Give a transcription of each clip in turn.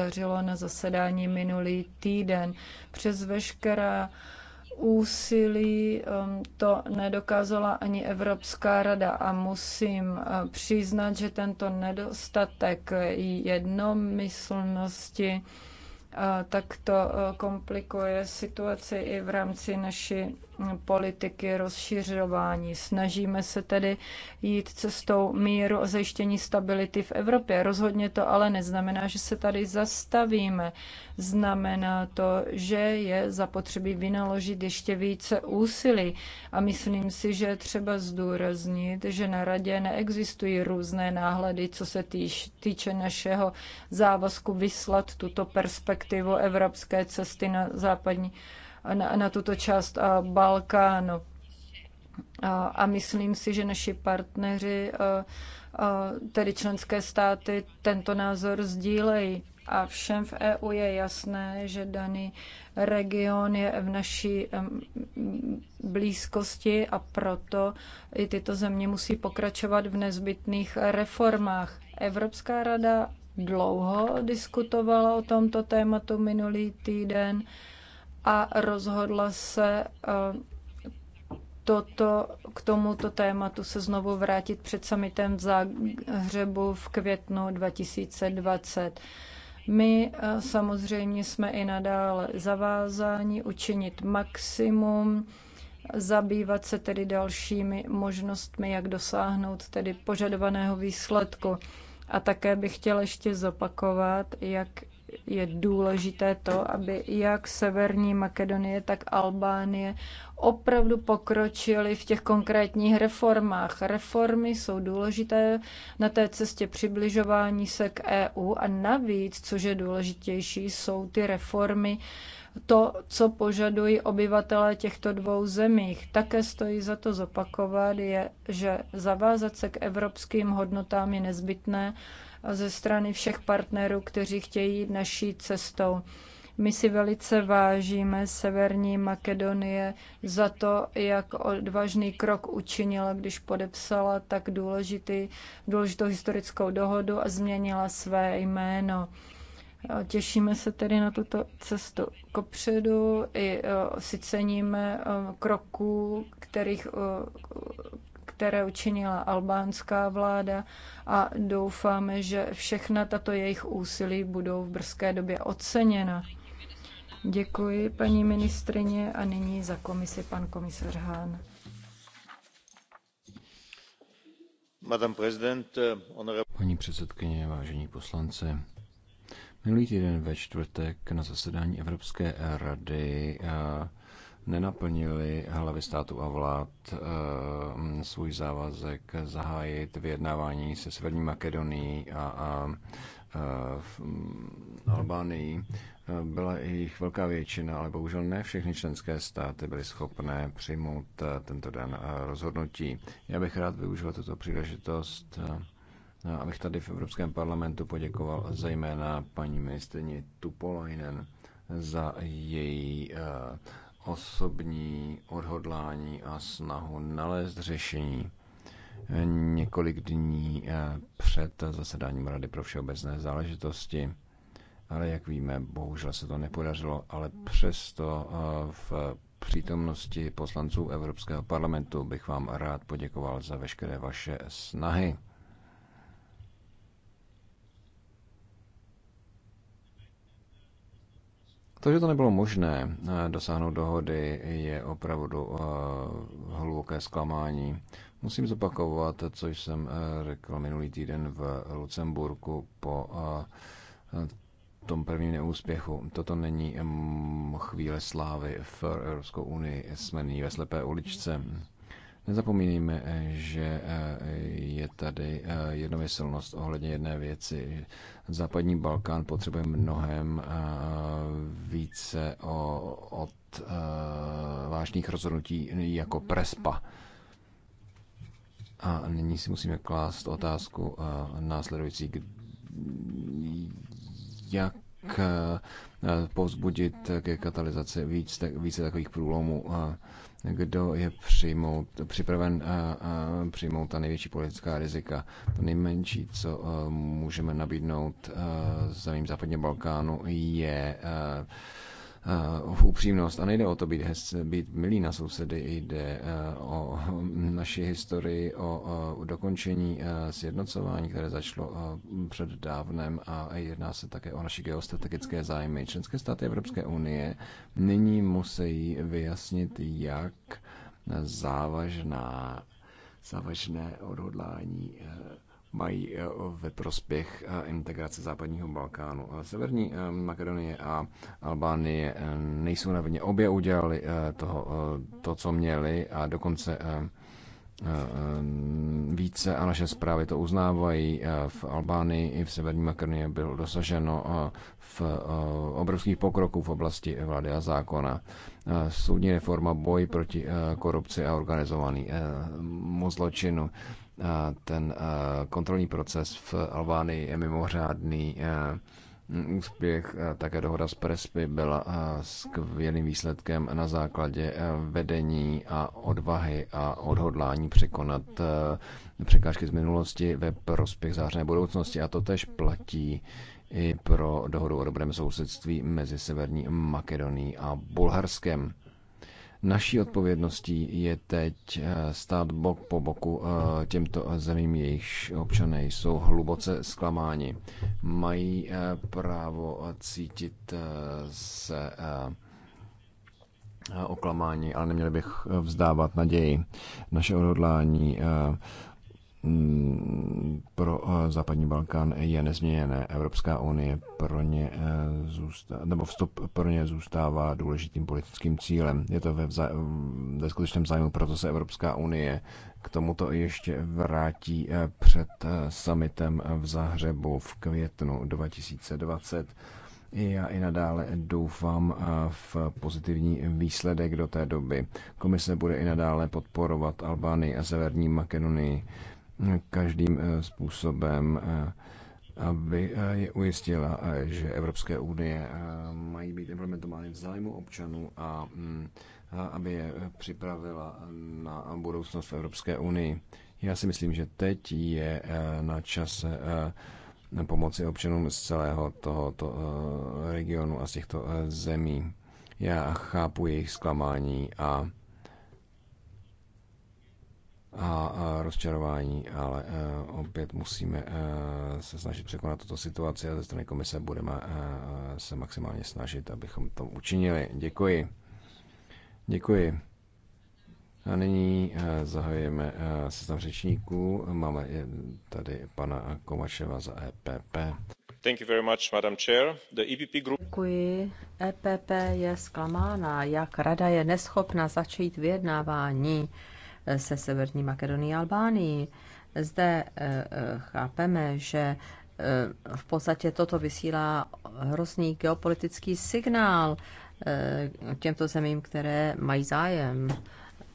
podařilo na zasedání minulý týden. Přes veškerá úsilí um, to nedokázala ani Evropská rada a musím uh, přiznat, že tento nedostatek jednomyslnosti uh, tak to uh, komplikuje situaci i v rámci naší politiky rozšiřování. Snažíme se tedy jít cestou míru a zajištění stability v Evropě. Rozhodně to ale neznamená, že se tady zastavíme. Znamená to, že je zapotřebí vynaložit ještě více úsilí. A myslím si, že je třeba zdůraznit, že na radě neexistují různé náhledy, co se týž, týče našeho závazku vyslat tuto perspektivu evropské cesty na západní na, na tuto část eh, Balkánu. A, eh, a myslím si, že naši partneři, eh, tedy členské státy, tento názor sdílejí. A všem v EU je jasné, že daný region je v naší blízkosti a proto i tyto země musí pokračovat v nezbytných reformách. Evropská rada dlouho diskutovala o tomto tématu minulý týden a rozhodla se eh, toto, k tomuto tématu se znovu vrátit před samitem v Zahřebu v květnu 2020. My eh, samozřejmě jsme i nadále zavázáni učinit maximum, zabývat se tedy dalšími možnostmi, jak dosáhnout tedy požadovaného výsledku. A také bych chtěla ještě zopakovat, jak je důležité to, aby jak Severní Makedonie, tak Albánie opravdu pokročili v těch konkrétních reformách. Reformy jsou důležité na té cestě přibližování se k EU a navíc, což je důležitější, jsou ty reformy, to, co požadují obyvatelé těchto dvou zemích. Také stojí za to zopakovat, je, že zavázat se k evropským hodnotám je nezbytné, ze strany všech partnerů, kteří chtějí jít naší cestou. My si velice vážíme Severní Makedonie za to, jak odvážný krok učinila, když podepsala tak důležitý, důležitou historickou dohodu a změnila své jméno. Těšíme se tedy na tuto cestu kopředu i si ceníme kroků, kterých které učinila albánská vláda a doufáme, že všechna tato jejich úsilí budou v brzké době oceněna. Děkuji, paní ministrině, a nyní za komisi pan komisař Hán. Paní předsedkyně, vážení poslanci, minulý týden ve čtvrtek na zasedání Evropské rady a nenaplnili hlavy státu a vlád eh, svůj závazek zahájit vyjednávání se Severní Makedonií a, a eh, v mm, Albánii eh, byla jejich velká většina, ale bohužel ne všechny členské státy byly schopné přijmout tento den rozhodnutí. Já bych rád využil tuto příležitost, abych tady v Evropském parlamentu poděkoval zejména paní ministrině Tupolainen za její osobní odhodlání a snahu nalézt řešení několik dní eh, před zasedáním Rady pro všeobecné záležitosti. Ale jak víme, bohužel se to nepodařilo, ale přesto eh, v přítomnosti poslanců Evropského parlamentu bych vám rád poděkoval za veškeré vaše snahy. To, že to nebylo možné eh, dosáhnout dohody, je opravdu eh, hluboké zklamání. Musím zopakovat, co jsem eh, řekl minulý týden v Lucemburku po tom prvním neúspěchu. Toto není mm, chvíle slávy v Evropskou unii. Jsme nyní ve slepé uličce. Nezapomínejme, eh, že eh, je tady eh, jednomyslnost ohledně jedné věci. Západní Balkán potřebuje mnohem více od vážných rozhodnutí jako prespa. A nyní si musíme klást otázku následující, jak povzbudit ke katalizaci více takových průlomů kdo je přijmout, připraven a, a přijmout ta největší politická rizika. To nejmenší, co e, můžeme nabídnout e, zemím západně Balkánu, je a, e, uh, upřímnost. A nejde o to být, hez, být milý na sousedy, jde uh, o naši historii, o uh, dokončení uh, sjednocování, které začalo uh, před dávnem a jedná se také o naši geostrategické zájmy. Členské státy Evropské unie nyní musí vyjasnit, jak závažná, závažné odhodlání uh, mají eh, ve prospěch eh, integrace západního Balkánu. Eh, Severní Makedonie a Albánie nejsou na vině. Obě udělali toho, to, co měli a dokonce Eh, eh, více a naše zprávy to uznávají. Eh, v Albánii i v Severní Makedonii bylo dosaženo v obrovských pokroků v oblasti vlády a zákona. Soudní reforma, boj proti korupci a organizovanému zločinu. Ten kontrolní proces v Albánii je mimořádný úspěch. Také dohoda s Prespy byla skvělým výsledkem na základě vedení a odvahy a odhodlání překonat překážky z minulosti ve prospěch zářené budoucnosti. A to tež platí i pro dohodu o dobrém sousedství mezi Severní Makedonií a Bulharskem. Naší odpovědností je teď eh, stát bok po boku eh, těmto zemím, jejichž občané jsou hluboce zklamáni. Mají eh, právo cítit se oklamání, ale neměli bych vzdávat naději. Naše odhodlání Mm, pro eh, západní Balkán je nezměněné. Evropská unie pro ně eh, zůstává, nebo vstup pro ně zůstává důležitým politickým cílem. Je to ve, vza, ve skutečném zájmu, proto se Evropská unie k tomuto ještě vrátí eh, před summitem v Zahřebu v květnu 2020. Já i nadále doufám v pozitivní výsledek do té doby. Komise bude i nadále podporovat Albánii a Severní Makedonii každým eh, způsobem, eh, aby eh, je ujistila, že Evropské unie mají být implementovány v zájmu občanů a mm, aby je připravila na budoucnost v Evropské unii. Já si myslím, že teď je na čase pomoci občanům z celého tohoto regionu a z těchto zemí. Já chápu jejich zklamání a a rozčarování, ale e, opět musíme e, se snažit překonat tuto situaci a ze strany komise budeme e, se maximálně snažit, abychom to učinili. Děkuji. Děkuji. A nyní zahajujeme seznam řečníků. Máme tady pana Kovačeva za EPP. Thank you very much, Madam Chair. The EPP group... Děkuji. EPP je zklamána, jak rada je neschopna začít vyjednávání se Severní Makedonií a Albánií. Zde eh, eh, chápeme, že eh, v podstatě toto vysílá hrozný geopolitický signál těmto zemím, které mají zájem.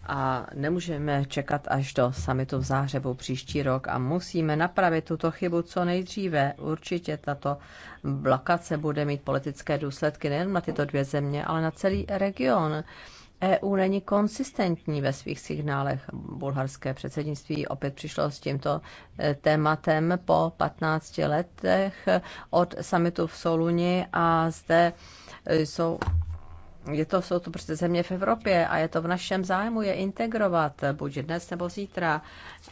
A nemůžeme čekat až do samitu v Zářebu příští rok a musíme napravit tuto chybu co nejdříve. Určitě tato blokace bude mít politické důsledky nejen na tyto dvě země, ale na celý region. EU není konsistentní ve svých signálech. Bulharské předsednictví opět přišlo s tímto e, tématem po 15 letech od samitu v Soluni a zde e, jsou je to, jsou to prostě země v Evropě a je to v našem zájmu je integrovat, e, buď dnes nebo zítra.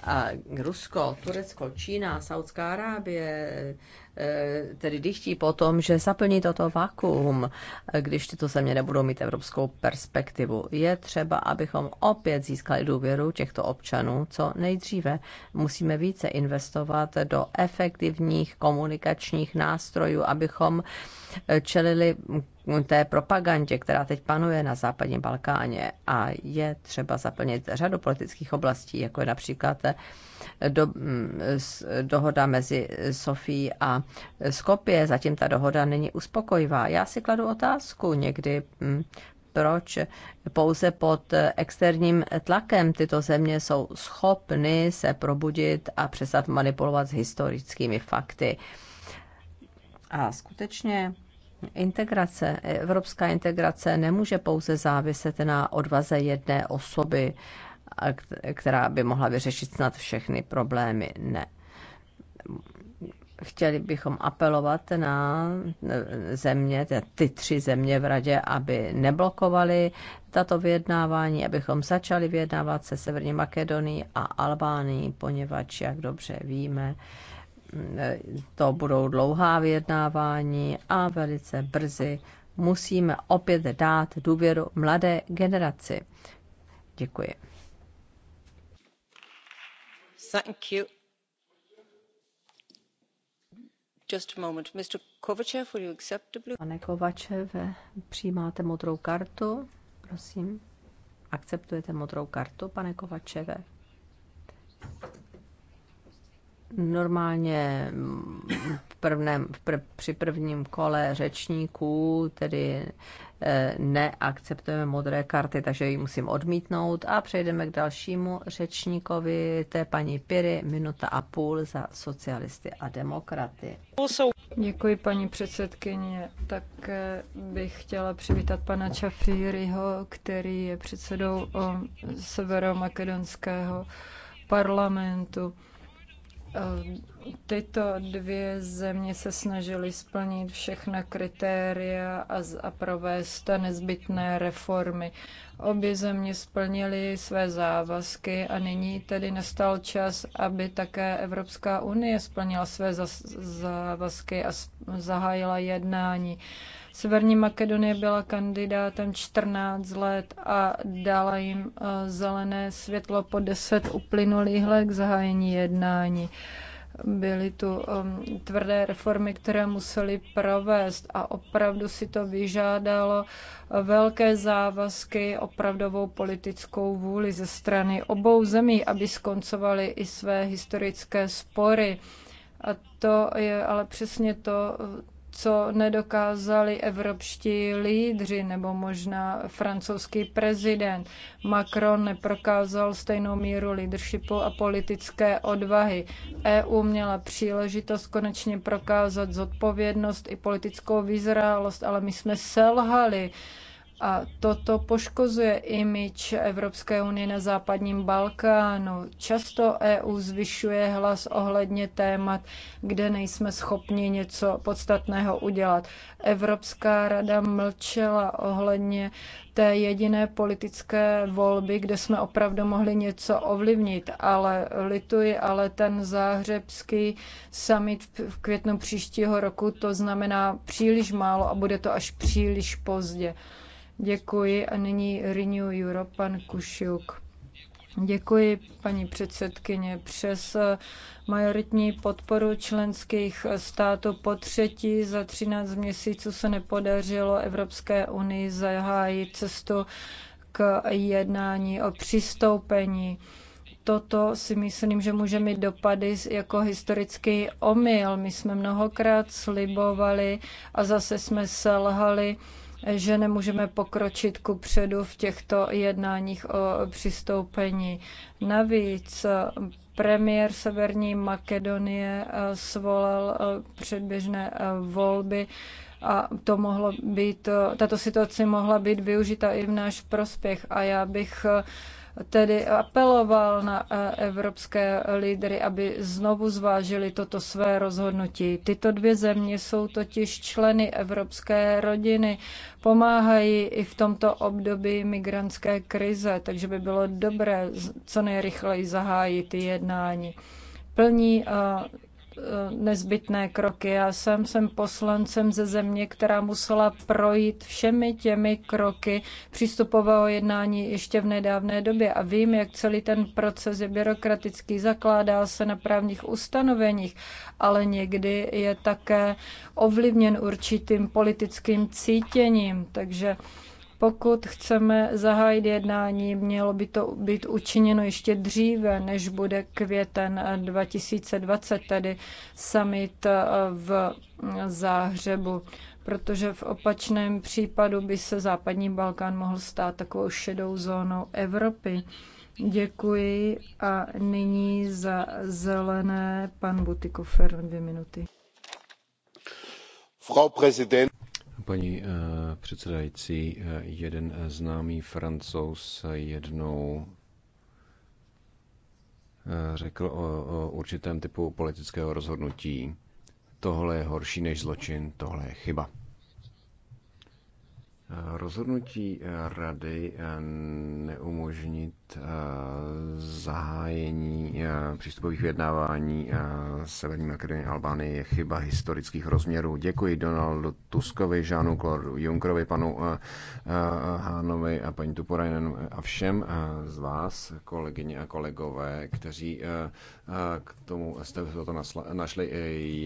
A Rusko, Turecko, Čína, Saudská Arábie, Eh, tedy dychtí po tom, že zaplní toto vakuum, eh, když tyto země nebudou mít evropskou perspektivu. Je třeba, abychom opět získali důvěru těchto občanů co nejdříve. Musíme více investovat do efektivních komunikačních nástrojů, abychom eh, čelili mm, té propagandě, která teď panuje na západním Balkáně a je třeba zaplnit řadu politických oblastí, jako je například do, mm, dohoda mezi Sofí a Skopje, zatím ta dohoda není uspokojivá. Já si kladu otázku někdy, hm, proč pouze pod externím tlakem tyto země jsou schopny se probudit a přestat manipulovat s historickými fakty. A skutečně integrace, evropská integrace nemůže pouze záviset na odvaze jedné osoby, která by mohla vyřešit snad všechny problémy. Ne chtěli bychom apelovat na země, ty tři země v radě, aby neblokovali tato vyjednávání, abychom začali vyjednávat se Severní Makedonii a Albánii, poněvadž, jak dobře víme, to budou dlouhá vyjednávání a velice brzy musíme opět dát důvěru mladé generaci. Děkuji. Thank you. Pane Kovačeve, přijímáte modrou kartu? Prosím. Akceptujete modrou kartu, pane Kovačeve? normálně v prvném, v pr- při prvním kole řečníků, tedy eh, neakceptujeme modré karty, takže ji musím odmítnout a přejdeme k dalšímu řečníkovi, té paní Piry, minuta a půl za socialisty a demokraty. Děkuji, paní předsedkyně. Tak eh, bych chtěla přivítat pana Čafíryho, který je předsedou eh, severomakedonského parlamentu. Eh, tyto dvě země se snažily splnit všechna kritéria a, a provést nezbytné reformy. Obě země splnily své závazky a nyní tedy nastal čas, aby také Evropská unie splnila své závazky a zahájila jednání. Uh, Severní Makedonie byla kandidátem 14 let a dala jim eh, zelené světlo po 10 uplynulých let k zahájení jednání byly tu um, tvrdé reformy, které museli provést a opravdu si to vyžádalo eh, velké závazky, opravdovou politickou vůli ze strany obou zemí, aby skoncovaly i své historické spory. A to je ale přesně to, co nedokázali evropští lídři nebo možná francouzský prezident. Macron neprokázal stejnou míru leadershipu a politické odvahy. EU měla příležitost konečně prokázat zodpovědnost i politickou vyzrálost, ale my jsme selhali. A toto poškozuje imič Evropské unie na západním Balkánu. Často EU zvyšuje hlas ohledně témat, kde nejsme schopni něco podstatného udělat. Evropská rada mlčela ohledně té jediné politické volby, kde jsme opravdu mohli něco ovlivnit, ale lituji, ale ten záhřebský summit v květnu příštího roku, to znamená příliš málo a bude to až příliš pozdě. Děkuji a nyní Renew Europe, pan Kušiuk. Děkuji, paní předsedkyně. Přes eh, majoritní podporu členských států po třetí za 13 měsíců se nepodařilo Evropské unii zahájit cestu k jednání o přistoupení toto si myslím, že může mít dopady jako historický omyl. My jsme mnohokrát slibovali a zase jsme selhali že nemůžeme pokročit ku předu v těchto jednáních o přistoupení. Navíc eh, premiér Severní Makedonie eh, svolal eh, předběžné volby a to mohlo být, tato situace mohla být využita i v náš prospěch a já bych tedy apeloval na eh, evropské lídry, aby znovu zvážili toto své rozhodnutí. Tyto dvě země jsou totiž členy evropské rodiny, pomáhají i v tomto období migrantské krize, takže by bylo dobré co nejrychleji zahájit jednání. Plní eh, Eh, nezbytné kroky. Já jsem, jsem poslancem ze země, která musela projít všemi těmi kroky přístupového jednání ještě v nedávné době a vím, jak celý ten proces je byrokratický, zakládá se na právních ustanoveních, ale někdy je také ovlivněn určitým politickým cítěním, takže pokud chceme zahájit jednání, mělo by to být učiněno ještě dříve, než bude květen 2020, tedy summit eh, v Záhřebu, protože v opačném případu by se západní Balkán mohl stát takovou šedou zónou Evropy. Děkuji a nyní za zelené pan Butikofer dvě minuty. Frau Präsident. Paní eh, předsedající, eh, jeden eh, známý francouz jednou řekl o, o určitém typu politického rozhodnutí, tohle je horší než zločin, tohle je chyba. Rozhodnutí eh, rady eh, neumožnit eh, zahájení přístupových vyjednávání Severní Makedonie a Albánie je chyba historických rozměrů. Děkuji Donaldu Tuskovi, Žánu Klordu Junkrovi, panu Hánovi a paní Tuporajnenu a všem z vás, kolegyně a kolegové, kteří k tomu jste to našli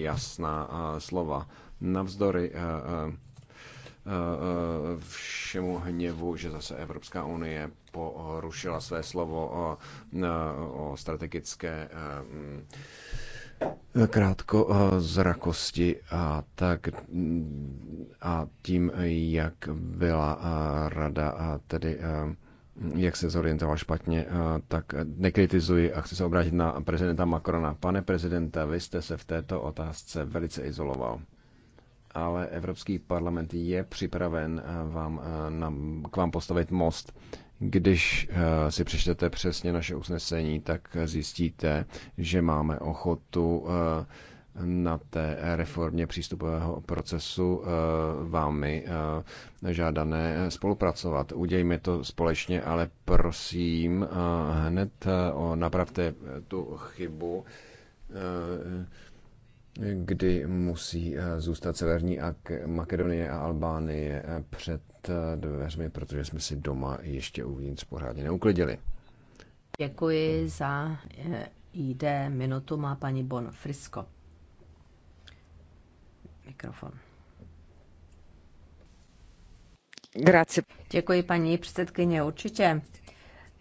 jasná slova. Navzdory Eh, všemu hněvu, že zase Evropská unie porušila své slovo o, eh, o strategické eh, mm, krátko zrakosti a tak a tím, jak byla rada a tedy jak se zorientoval špatně, tak nekritizuji a chci se obrátit na prezidenta Macrona. Pane prezidenta, vy jste se v této otázce velice izoloval ale Evropský parlament je připraven eh, vám, eh, na, k vám postavit most. Když eh, si přečtete přesně naše usnesení, tak zjistíte, že máme ochotu na té reformě přístupového procesu vámi žádané spolupracovat. Udějme to společně, ale prosím, hned napravte tu chybu kdy musí eh, zůstat Severní Makedonie a Albánie eh, před eh, dveřmi, protože jsme si doma ještě uvnitř pořádně neuklidili. Děkuji za ID. Minutu má paní Bon Frisko. Mikrofon. Grazie. Děkuji paní předsedkyně, určitě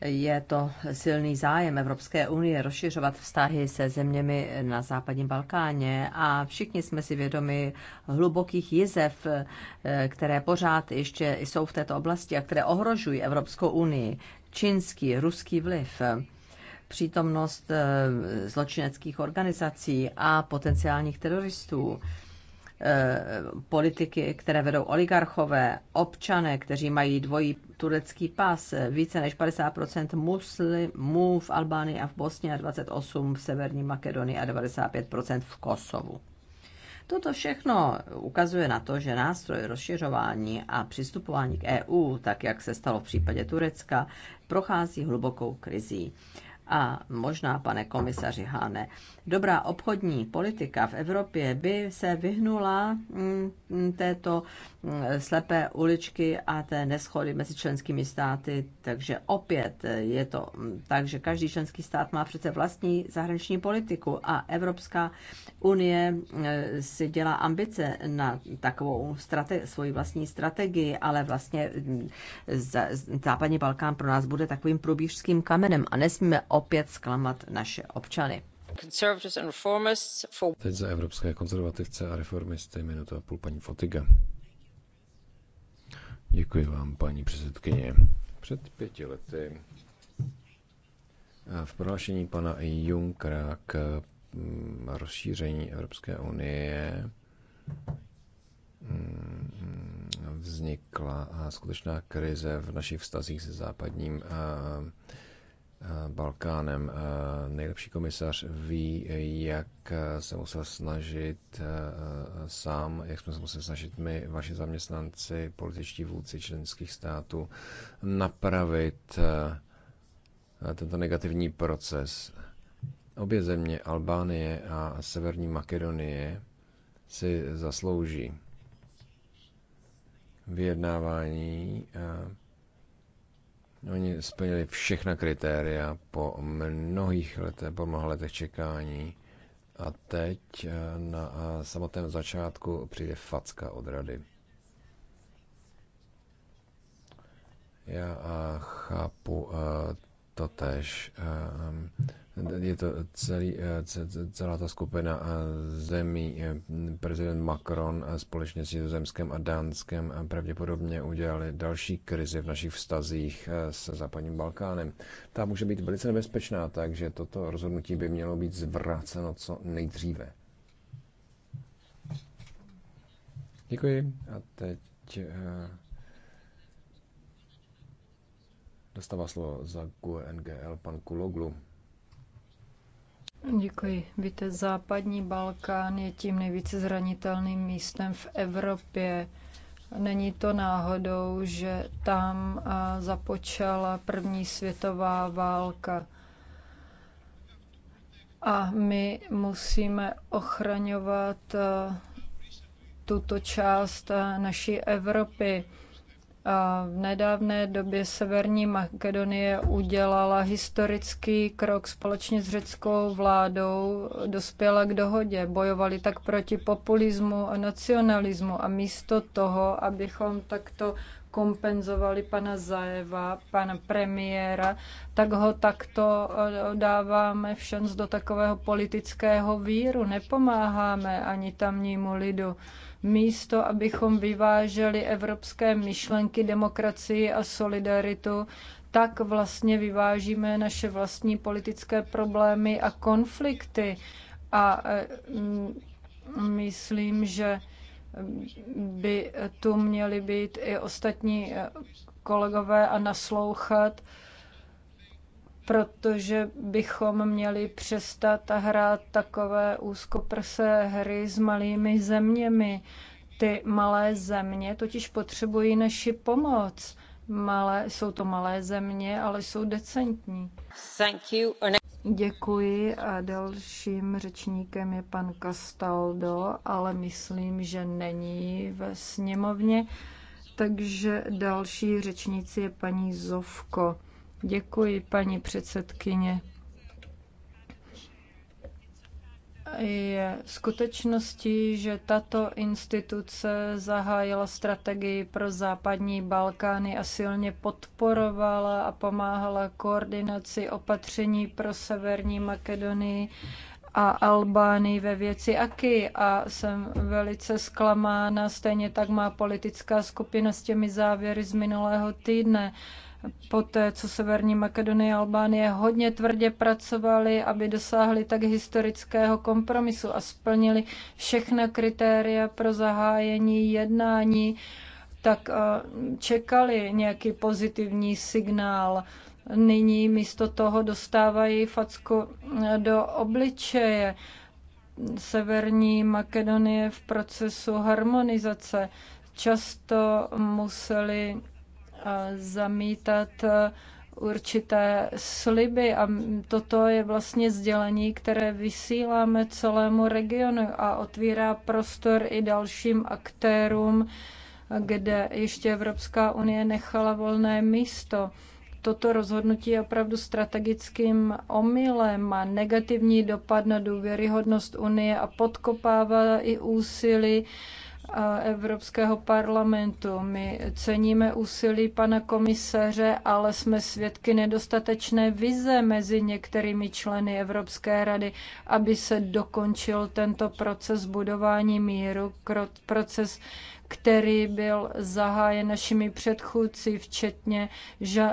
je to silný zájem Evropské unie rozšiřovat vztahy se zeměmi na západním Balkáně a všichni jsme si vědomi hlubokých jizev, eh, které pořád ještě jsou v této oblasti a které ohrožují Evropskou unii. Čínský, ruský vliv, přítomnost eh, zločineckých organizací a potenciálních teroristů. Eh, politiky, které vedou oligarchové, občané, kteří mají dvojí turecký pas, více než 50% muslimů v Albánii a v Bosně a 28% v Severní Makedonii a 95% v Kosovu. Toto všechno ukazuje na to, že nástroj rozšiřování a přistupování k EU, tak jak se stalo v případě Turecka, prochází hlubokou krizí. A možná, pane komisaři Háne, dobrá obchodní politika v Evropě by se vyhnula mm, mm, této slepé uličky a té neschody mezi členskými státy. Takže opět je to tak, že každý členský stát má přece vlastní zahraniční politiku a Evropská unie eh, si dělá ambice na takovou strate- svoji vlastní strategii, ale vlastně hm, západní Balkán pro nás bude takovým průbířským kamenem a nesmíme opět zklamat naše občany. Teď za evropské konzervativce a reformisty minuta a půl paní Fotiga. Děkuji vám, paní předsedkyně. Před pěti lety eh, v prohlášení pana Junckera k mm, rozšíření Evropské unie mm, vznikla eh, skutečná krize v našich vztazích se západním eh, Eh, Balkánem. Eh, nejlepší komisař ví, jak se musel snažit eh, sám, jak jsme se museli snažit my, vaši zaměstnanci, političtí vůdci členských států, napravit tento negativní proces. Obě země, Albánie a Severní Makedonie, si zaslouží vyjednávání Oni splnili všechna kritéria po mnohých letech, po mnoha letech čekání. A teď eh, na eh, samotném začátku přijde facka od rady. Já eh, chápu to tež je to celý, eh, celá ta skupina eh, zemí. Eh, prezident Macron společně s Nizozemskem a Dánskem pravděpodobně udělali další krizi v našich vztazích s západním Balkánem. Ta může být velice nebezpečná, takže toto rozhodnutí by mělo být zvráceno co nejdříve. Děkuji. A teď dostává slovo za GUNGL pan Kuloglu. Děkuji. Víte, západní Balkán je tím nejvíce zranitelným místem v Evropě. Není to náhodou, že tam započala první světová válka. A my musíme ochraňovat tuto část naší Evropy. V nedávné době Severní Makedonie udělala historický krok společně s řeckou vládou, dospěla k dohodě, bojovali tak proti populismu a nacionalismu a místo toho, abychom takto kompenzovali pana Zajeva, pana premiéra, tak ho takto eh, dáváme v do takového politického víru. Nepomáháme ani tamnímu lidu. Místo, abychom vyváželi evropské myšlenky, demokracii a solidaritu, tak vlastně vyvážíme naše vlastní politické problémy a konflikty. A eh, myslím, že by tu měli být i ostatní kolegové a naslouchat, protože bychom měli přestat a hrát takové úzkoprse hry s malými zeměmi. Ty malé země totiž potřebují naši pomoc malé, jsou to malé země, ale jsou decentní. Thank you. Děkuji a dalším řečníkem je pan Castaldo, ale myslím, že není ve sněmovně. Takže další řečníci je paní Zovko. Děkuji, paní předsedkyně. je skutečností, že tato instituce zahájila strategii pro západní Balkány a silně podporovala a pomáhala koordinaci opatření pro severní Makedonii a Albánii ve věci Aky a jsem velice zklamána. Stejně tak má politická skupina s těmi závěry z minulého týdne poté, co Severní Makedonie a Albánie hodně tvrdě pracovali, aby dosáhli tak historického kompromisu a splnili všechna kritéria pro zahájení jednání, tak eh, čekali nějaký pozitivní signál. Nyní místo toho dostávají facku eh, do obličeje. Severní Makedonie v procesu harmonizace často museli zamítat e, určité sliby a toto je vlastně sdělení, které vysíláme celému regionu a otvírá prostor i dalším aktérům, kde ještě Evropská unie nechala volné místo. Toto rozhodnutí je opravdu strategickým omylem, má negativní dopad na důvěryhodnost Unie a podkopává i úsilí Evropského parlamentu. My ceníme úsilí pana komisaře, ale jsme svědky nedostatečné vize mezi některými členy Evropské rady, aby se dokončil tento proces budování míru, proces který byl zahájen našimi předchůdci, včetně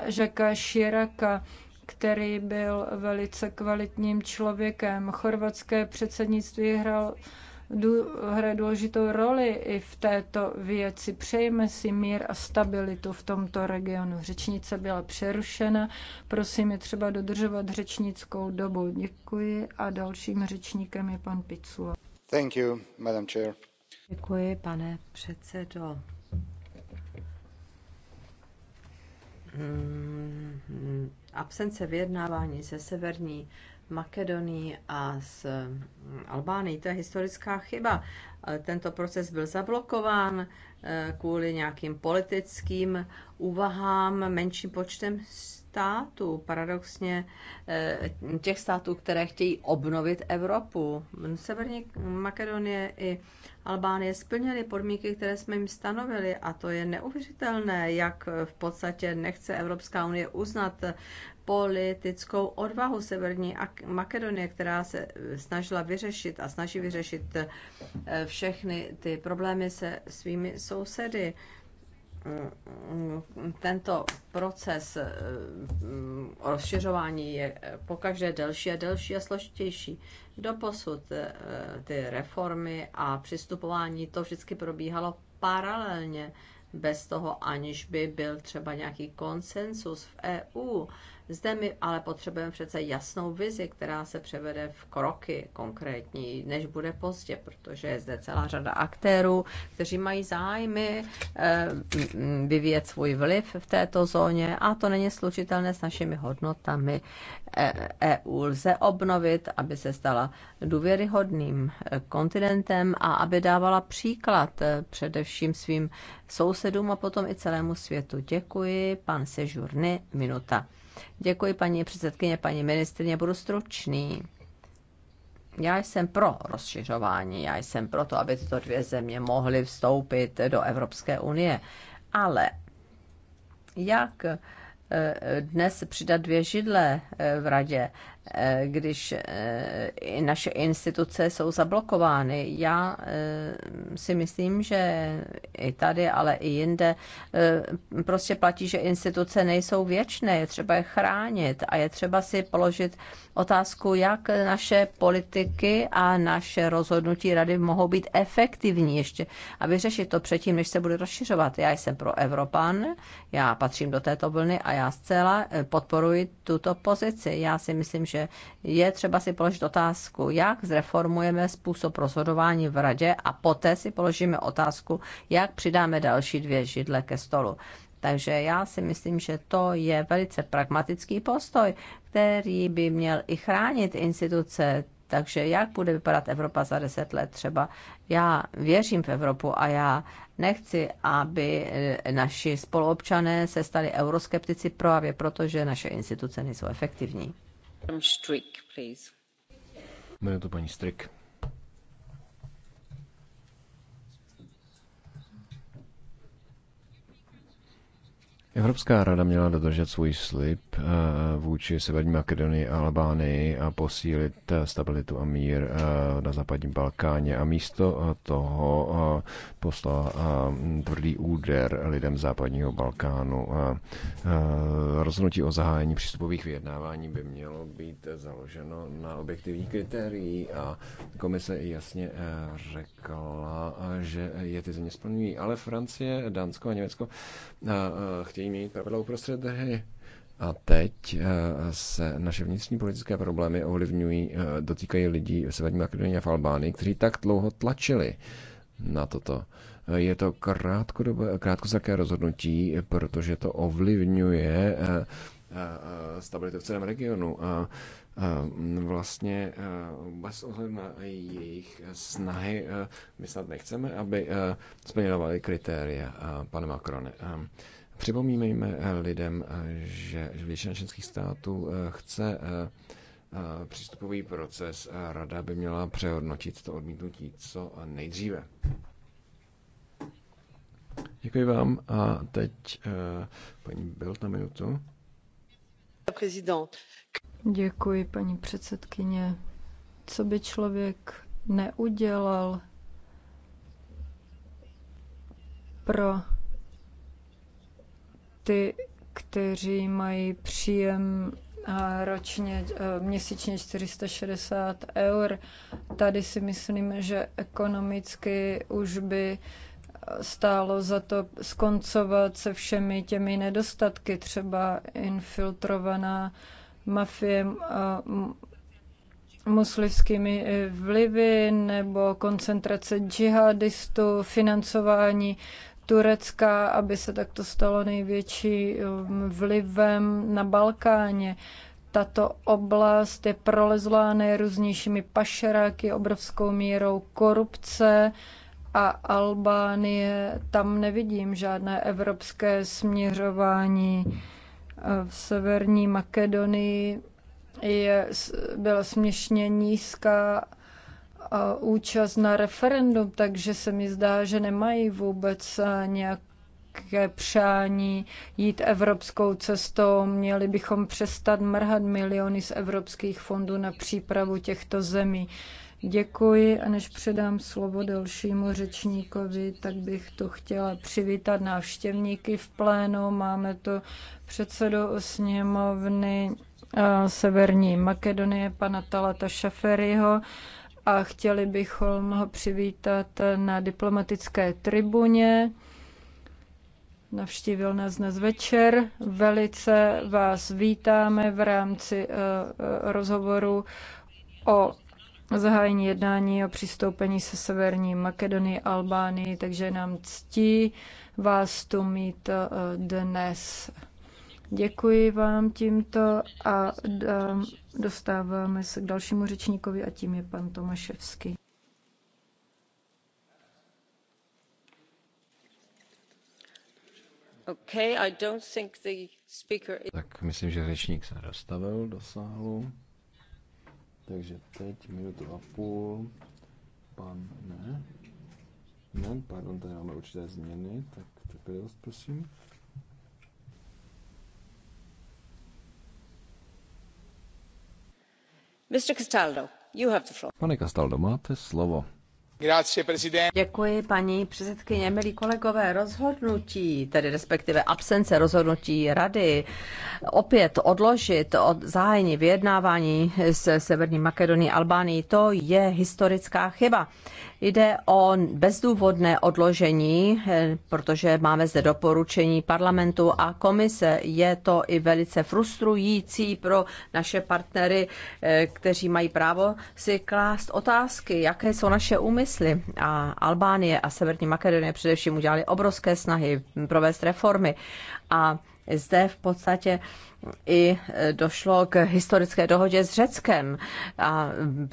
Žaka Širaka který byl velice kvalitním člověkem. Chorvatské předsednictví hrál hraje důležitou roli i v této věci. Přejme si mír a stabilitu v tomto regionu. Řečnice byla přerušena. Prosím, je třeba dodržovat řečnickou dobu. Děkuji a dalším řečníkem je pan Picula. Thank you, Madam Chair. Děkuji, pane předsedo. Hmm, hmm absence vyjednávání se Severní Makedonii a s mm, Albánií. To je historická chyba. E, tento proces byl zablokován e, kvůli nějakým politickým úvahám menším počtem států. Paradoxně e, těch států, které chtějí obnovit Evropu. Severní Makedonie i Albánie splnily podmínky, které jsme jim stanovili a to je neuvěřitelné, jak v podstatě nechce Evropská unie uznat politickou odvahu Severní Makedonie, která se eh, snažila vyřešit a snaží vyřešit eh, všechny ty problémy se svými sousedy. Mm, tento proces eh, mm, rozšiřování je pokaždé delší a delší a složitější. Doposud ty reformy a přistupování to vždycky probíhalo paralelně bez toho, aniž by byl třeba nějaký konsensus v EU. Zde my ale potřebujeme přece jasnou vizi, která se převede v kroky konkrétní, než bude pozdě, protože je zde celá řada aktérů, kteří mají zájmy eh, vyvíjet svůj vliv v této zóně a to není slučitelné s našimi hodnotami. EU e lze obnovit, aby se stala důvěryhodným eh, kontinentem a aby dávala příklad eh, především svým sousedům a potom i celému světu. Děkuji, pan Sežurny, minuta. Děkuji paní předsedkyně, paní ministrině, budu stručný. Já jsem pro rozšiřování, já jsem pro to, aby tyto dvě země mohly vstoupit do Evropské unie. Ale jak eh, dnes přidat dvě židle eh, v radě. Eh, když eh, i naše instituce jsou zablokovány. Já eh, si myslím, že i tady, ale i jinde prostě platí, že instituce nejsou věčné, je třeba je chránit a je třeba si položit otázku, jak naše politiky a naše rozhodnutí rady mohou být efektivní ještě a vyřešit to předtím, než se bude rozšiřovat. Já jsem pro Evropan, já patřím do této vlny a já zcela eh, podporuji tuto pozici. Já si myslím, že je třeba si položit otázku, jak zreformujeme způsob rozhodování v radě a poté si položíme otázku, jak přidáme další dvě židle ke stolu. Takže já si myslím, že to je velice pragmatický postoj, který by měl i chránit instituce. Takže jak bude vypadat Evropa za deset let třeba? Já věřím v Evropu a já nechci, aby naši spoluobčané se stali euroskeptici právě proto, že naše instituce nejsou efektivní. Strik, please. Jmenuji to paní Strik. Evropská rada měla dodržet svůj slib eh, vůči Severní Makedonii a Albánii a posílit eh, stabilitu a mír eh, na západním Balkáně a místo toho poslala tvrdý úder lidem západního Balkánu. Rozhodnutí o zahájení přístupových vyjednávání by mělo být založeno na objektivních kritérií a komise jasně řekla, že je ty země splňují, ale Francie, Dánsko a Německo chtějí chtějí měnit pravidla uprostřed hry. A teď eh, se naše vnitřní politické problémy ovlivňují, eh, dotýkají lidí v Severní Makedonii a v Albánii, kteří tak dlouho tlačili na toto. Eh, je to krátkozraké rozhodnutí, protože to ovlivňuje stabilitu v celém regionu. a mm, Vlastně bez ohledu na jejich snahy, my snad nechceme, aby splňovali kritéria, pane Macrone. Připomínejme eh, lidem, eh, že většina členských států eh, chce přístupový proces a rada by měla přehodnotit to odmítnutí co nejdříve. Děkuji vám a teď paní Bild na minutu. Děkuji, paní předsedkyně. Co by člověk neudělal pro ty, kteří mají příjem eh, ročně, eh, měsíčně 460 eur. Tady si myslím, že ekonomicky už by eh, stálo za to skoncovat se všemi těmi nedostatky, třeba infiltrovaná mafie muslimskými vlivy nebo koncentrace džihadistů, financování Turecka, aby se takto stalo největší um, vlivem na Balkáně. Tato oblast je prolezlá nejrůznějšími pašeráky, obrovskou mírou korupce a Albánie. Tam nevidím žádné evropské směřování. V severní Makedonii je, byla směšně nízká účast na referendum, takže se mi zdá, že nemají vůbec nějak nějaké přání jít evropskou cestou. Měli bychom přestat mrhat miliony z evropských fondů na přípravu těchto zemí. Děkuji a než předám slovo dalšímu řečníkovi, tak bych tu chtěla přivítat návštěvníky v plénu. Máme tu předsedu sněmovny Severní Makedonie, pana Talata Šaferiho a chtěli bychom ho přivítat na diplomatické tribuně. Navštívil nás dnes večer. Velice vás vítáme v rámci eh, eh, rozhovoru o zahájení jednání o přistoupení se Severní Makedonii a Albánii, takže nám ctí vás tu mít eh, dnes. Děkuji vám tímto a dostáváme se k dalšímu řečníkovi a tím je pan Tomaševský. Okay, I don't think the speaker... Tak myslím, že řečník se dostavil do sálu. Takže teď minutu a půl. Pan ne. Ne, pardon, tady máme určité změny, tak trpělivost, prosím. Pane Castaldo, máte slovo. Děkuji, paní předsedkyně. Milí kolegové, rozhodnutí, tedy respektive absence rozhodnutí rady, opět odložit od zahájení vyjednávání se Severní Makedonii a Albánií, to je historická chyba. Jde o bezdůvodné odložení, protože máme zde doporučení parlamentu a komise. Je to i velice frustrující pro naše partnery, eh, kteří mají právo si klást otázky, jaké jsou naše úmysly mysli. A Albánie a Severní Makedonie především udělali obrovské snahy provést reformy. A zde v podstatě i e, došlo k historické dohodě s Řeckem a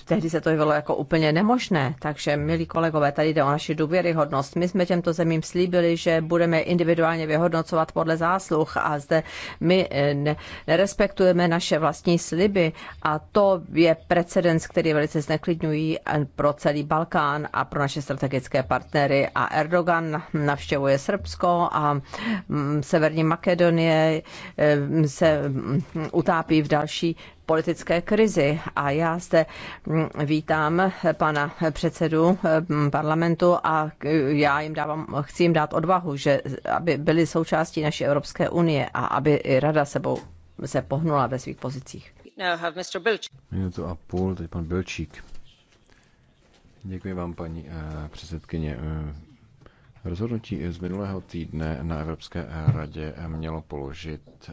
tehdy se to jevilo jako úplně nemožné. Takže, milí kolegové, tady jde o naši důvěryhodnost. My jsme těmto zemím slíbili, že budeme individuálně vyhodnocovat podle zásluh a zde my e, nerespektujeme naše vlastní sliby a to je precedens, který velice zneklidňují e, pro celý Balkán a pro naše strategické partnery. A Erdogan navštěvuje Srbsko a Severní Makedonie se Eh, utápí v další politické krizi. A já zde mm, vítám pana předsedu eh, parlamentu a já jim dávám, chci jim dát odvahu, že aby byli součástí naší Evropské unie a aby i rada sebou se pohnula ve svých pozicích. Minutu a půl, teď pan Bilčík. Děkuji vám, paní eh, předsedkyně. Rozhodnutí z minulého týdne na Evropské radě mělo položit eh,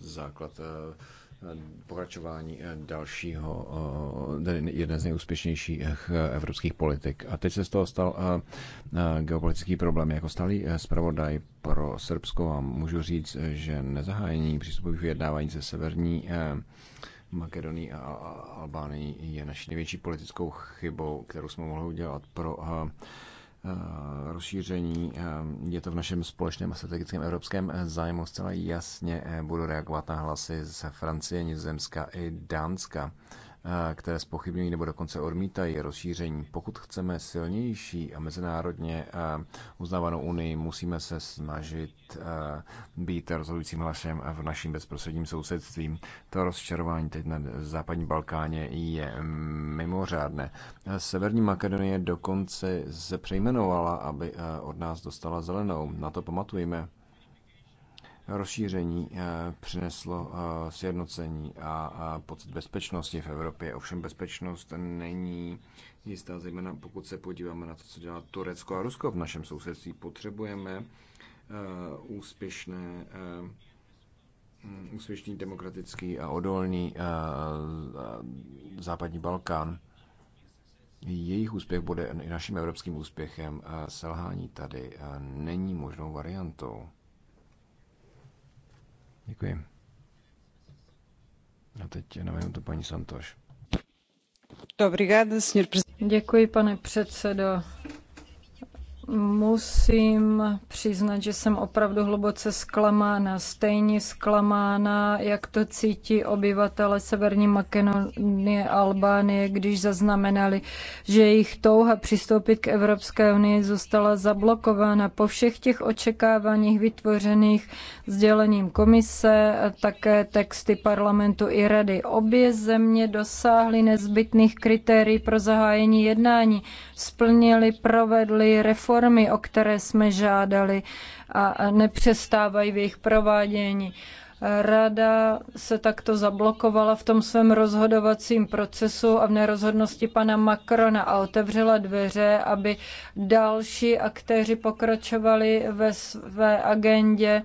základ eh, pokračování eh, dalšího, jedné z nejúspěšnějších evropských politik. A teď se z toho stal geopolitický problém. Jako stálý zpravodaj pro Srbsko vám můžu říct, že nezahájení přístupových vyjednávání ze severní Makedonii a Albánii je naší největší politickou chybou, kterou jsme mohli udělat pro Eh, rozšíření. Eh, je to v našem společném a strategickém evropském zájmu. Zcela jasně eh, budu reagovat na hlasy z Francie, Nizozemska i Dánska které spochybňují nebo dokonce odmítají rozšíření. Pokud chceme silnější a mezinárodně eh, uznávanou unii, musíme se snažit eh, být rozhodujícím hlasem v naším bezprostředním sousedství. To rozčarování teď na západní Balkáně je mimořádné. Severní Makedonie dokonce se přejmenovala, aby eh, od nás dostala zelenou. Na to pamatujeme rozšíření eh, přineslo eh, sjednocení a pocit bezpečnosti v Evropě. Ovšem bezpečnost není jistá, zejména pokud se podíváme na to, co dělá Turecko a Rusko v našem sousedství. Potřebujeme eh, úspěšné úspěšný demokratický a odolný západní Balkán. Jejich úspěch bude i naším evropským úspěchem. Selhání tady není možnou variantou. Děkuji. A teď na minutu paní Santoš. Děkuji, pane předsedo. Musím přiznat, že jsem opravdu hluboce zklamána, stejně zklamána, jak to cítí obyvatele Severní Makedonie a Albánie, když zaznamenali, že jejich touha přistoupit k Evropské unii zůstala zablokována po všech těch očekáváních vytvořených sdělením komise, a také texty parlamentu i rady. Obě země dosáhly nezbytných kritérií pro zahájení jednání, splnili, provedli reformy reformy, o které jsme žádali a nepřestávají v jejich provádění. Rada se takto zablokovala v tom svém rozhodovacím procesu a v nerozhodnosti pana Macrona a otevřela dveře, aby další aktéři pokračovali ve své agendě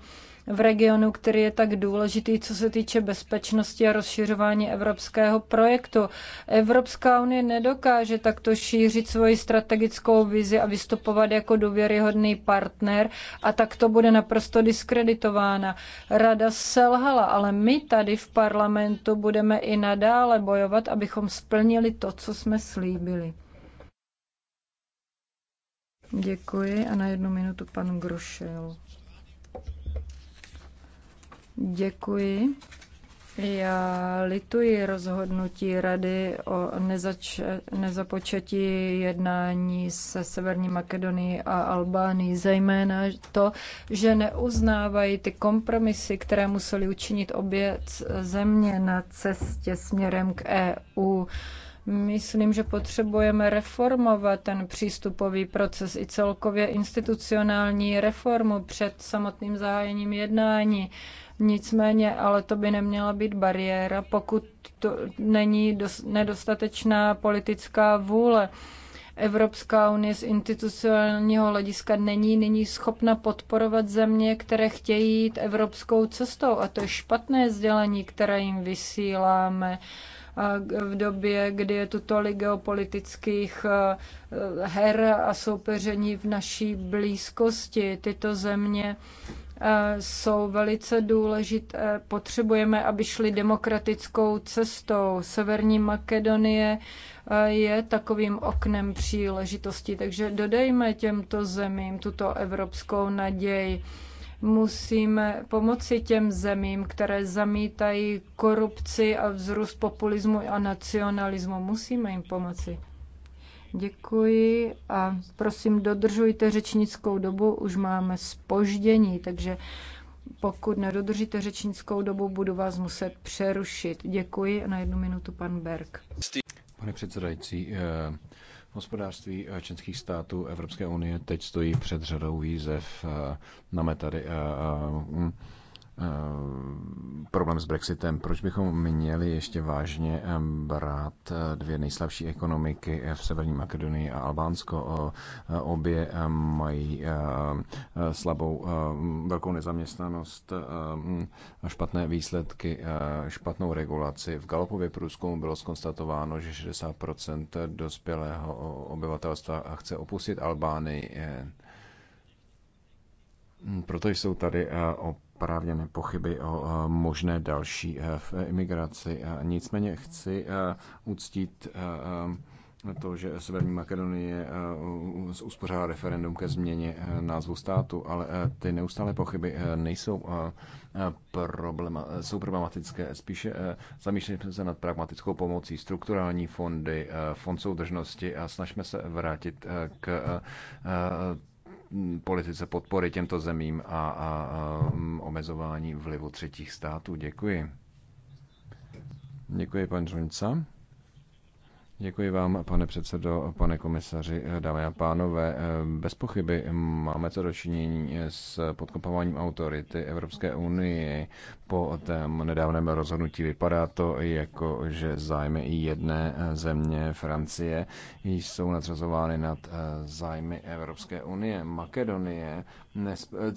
v regionu, který je tak důležitý, co se týče bezpečnosti a rozšiřování evropského projektu. Evropská unie nedokáže takto šířit svoji strategickou vizi a vystupovat jako důvěryhodný partner a tak to bude naprosto diskreditována. Rada selhala, ale my tady v parlamentu budeme i nadále bojovat, abychom splnili to, co jsme slíbili. Děkuji a na jednu minutu pan Grošel. Děkuji. Já lituji rozhodnutí rady o nezač- nezapočetí jednání se Severní Makedonii a Albánií, zejména to, že neuznávají ty kompromisy, které museli učinit obě země na cestě směrem k EU. Myslím, že potřebujeme reformovat ten přístupový proces i celkově institucionální reformu před samotným zahájením jednání Nicméně, ale to by neměla být bariéra, pokud to není dos, nedostatečná politická vůle. Evropská unie z institucionálního hlediska není nyní schopna podporovat země, které chtějí jít evropskou cestou. A to je špatné sdělení, které jim vysíláme v době, kdy je tu tolik geopolitických eh, her a soupeření v naší blízkosti. Tyto země jsou velice důležité. Potřebujeme, aby šli demokratickou cestou. Severní Makedonie eh, je takovým oknem příležitostí, takže dodejme těmto zemím tuto evropskou naději musíme pomoci těm zemím, které zamítají korupci a vzrůst populismu a nacionalismu. Musíme jim pomoci. Děkuji a prosím dodržujte řečnickou dobu, už máme spoždění, takže pokud nedodržíte řečnickou dobu, budu vás muset přerušit. Děkuji na jednu minutu pan Berg. Pane předsedající, eh, Hospodářství českých států Evropské unie teď stojí před řadou výzev. Eh, eh, eh Eh, problém s Brexitem. Proč bychom měli ještě vážně eh, brát eh, dvě nejslabší ekonomiky v Severní Makedonii a Albánsko? Obě mají slabou, velkou nezaměstnanost, mm, špatné výsledky, špatnou regulaci. V Galopově průzkumu bylo skonstatováno, že 60% dospělého obyvatelstva chce opustit Albánii Mm, proto jsou tady eh, oprávněné pochyby o eh, možné další eh, imigraci. Nicméně chci uctít to, že Severní Makedonie uspořádá referendum ke změně názvu státu, ale ty neustále pochyby nejsou problema, jsou problematické. Spíše zamýšlíme se nad pragmatickou pomocí, strukturální fondy, fond soudržnosti a snažíme se vrátit k Mm, politice podpory těmto zemím a, a, a mm, omezování vlivu třetích států. Děkuji. Děkuji, pan Žunca. Děkuji vám, pane předsedo, pane komisaři, dámy a pánové. Bez pochyby máme co dočinění s podkopováním autority Evropské unie. Po tom nedávném rozhodnutí vypadá to jako, že zájmy i jedné země, Francie, jsou nadřazovány nad zájmy Evropské unie. Makedonie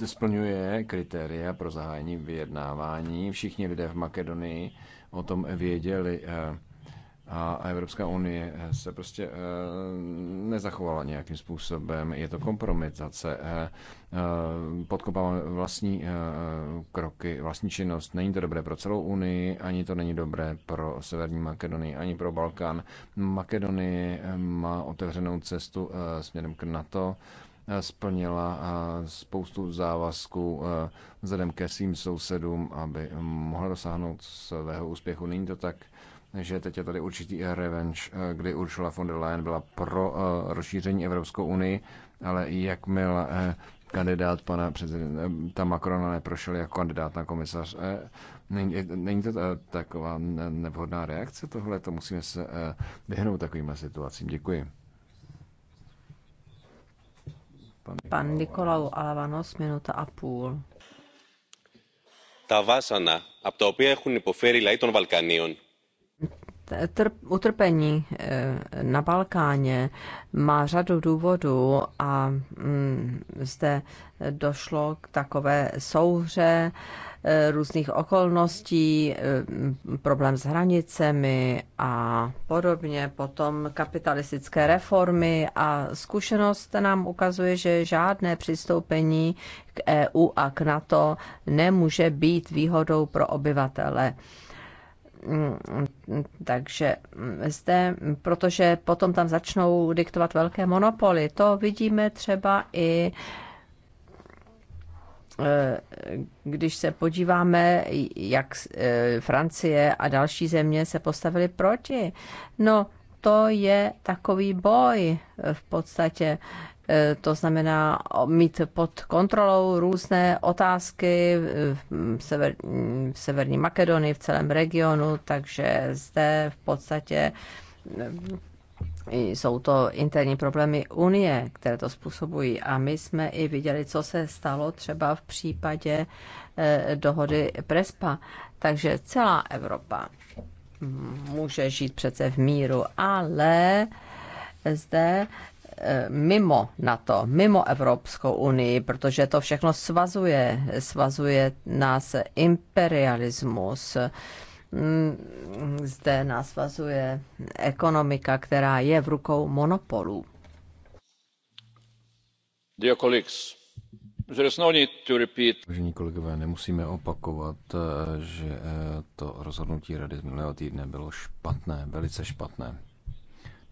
splňuje kritéria pro zahájení vyjednávání. Všichni lidé v Makedonii o tom věděli. A Evropská unie eh, se prostě eh, nezachovala nějakým způsobem. Je to kompromitace, eh, podkopává vlastní kroky, vlastní činnost. Není to dobré pro celou Unii, ani to není dobré pro Severní Makedonii, ani pro Balkán. Makedonie má otevřenou cestu směrem k NATO splnila spoustu závazků vzhledem ke svým sousedům, aby mohla dosáhnout svého úspěchu. Není to tak že teď je tady určitý revenge, eh, kdy Ursula von der Leyen byla pro eh, rozšíření Evropskou unii, ale jakmile eh, kandidát pana prezidenta Macrona neprošel jako kandidát na komisař. Není, není to taková nevhodná reakce tohle? To musíme se vyhnout takovým situacím. Děkuji. Pan, pan Nikolau Alavanos, minuta a půl. Τα βάσανα από τα οποία έχουν υποφέρει οι λαοί των Βαλκανίων trp, utrpení eh, na Balkáně má řadu důvodů a mm, zde došlo k takové souhře eh, různých okolností, eh, problém s hranicemi a podobně, potom kapitalistické reformy a zkušenost nám ukazuje, že žádné přistoupení k EU a k NATO nemůže být výhodou pro obyvatele takže zde, protože potom tam začnou diktovat velké monopoly. To vidíme třeba i eh, když se podíváme, jak eh, Francie a další země se postavily proti. No, to je takový boj v podstatě. E, to znamená mít pod kontrolou různé otázky v, sever, v Severní Makedonii, v celém regionu, takže zde v podstatě e, jsou to interní problémy Unie, které to způsobují. A my jsme i viděli, co se stalo třeba v případě e, dohody Prespa. Takže celá Evropa může žít přece v míru, ale zde eh, mimo NATO, mimo Evropskou unii, protože to všechno svazuje, svazuje nás imperialismus, mm, zde nás svazuje ekonomika, která je v rukou monopolů. Dear colleagues, No Vážení kolegové, nemusíme opakovat, eh, že eh, to rozhodnutí Rady z minulého týdne bylo špatné, velice špatné.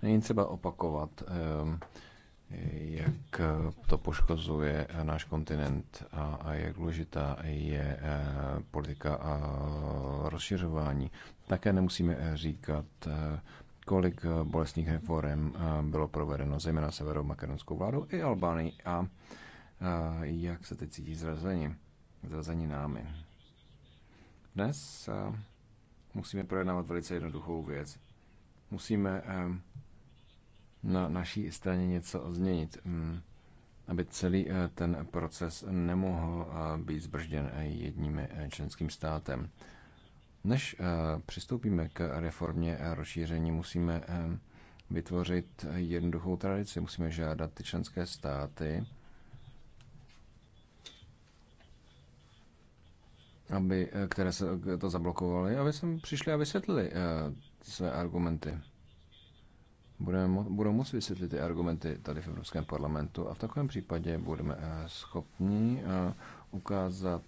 Není třeba opakovat, eh, jak to poškozuje náš kontinent a jak důležitá je politika a rozšiřování. Také nemusíme říkat, kolik bolestných reform bylo provedeno, zejména severomakedonskou vládou i Albánii a jak se teď cítí zrazení? Zrazení námi. Dnes eh, musíme projednávat velice jednoduchou věc. Musíme eh, na naší straně něco změnit, mm, aby celý eh, ten proces nemohl být zbržděn jedním členským státem. Než přistoupíme k reformě a rozšíření, musíme vytvořit jednoduchou tradici. Musíme žádat ty členské státy, aby, eh, které se eh, to zablokovaly, aby sem přišli a vysvětlili eh, své argumenty. Budeme, budou moct vysvětlit ty argumenty tady v Evropském parlamentu a v takovém případě budeme schopni ukázat,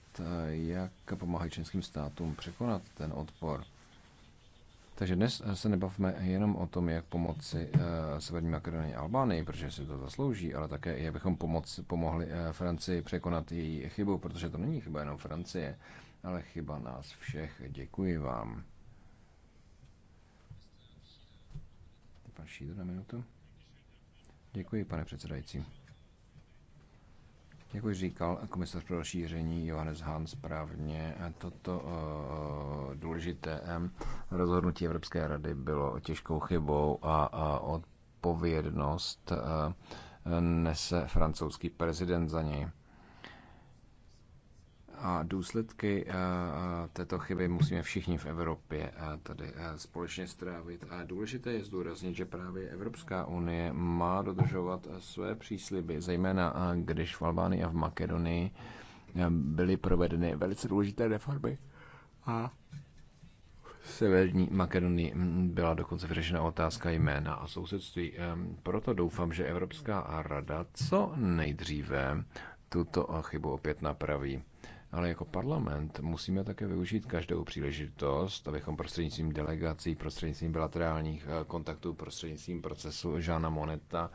jak pomáhají členským státům překonat ten odpor. Takže dnes se nebavme jenom o tom, jak pomoci uh, Severní Makedonii a Albánii, protože si to zaslouží, ale také, jak bychom pomoc, pomohli uh, Francii překonat její chybu, protože to není chyba jenom Francie. Uh, ale chyba nás všech. Děkuji vám. Další Šídl na minutu. Děkuji, pane předsedající. Jak už říkal komisař pro rozšíření Johannes Hahn správně, toto eh, důležité eh, rozhodnutí Evropské rady bylo těžkou chybou a, a odpovědnost eh, nese francouzský prezident za něj a důsledky eh, eh, této chyby musíme všichni v Evropě eh, tady společně strávit. A důležité je zdůraznit, že právě Evropská unie má dodržovat své přísliby, zejména když v Albánii a v Makedonii byly provedeny velice důležité reformy. A v Severní Makedonii hm, byla dokonce vyřešena otázka jména a sousedství. Proto doufám, že Evropská rada co nejdříve tuto chybu opět napraví. Ale jako parlament musíme také využít každou příležitost, abychom prostřednictvím delegací, prostřednictvím bilaterálních eh, kontaktů, prostřednictvím procesu Žána Moneta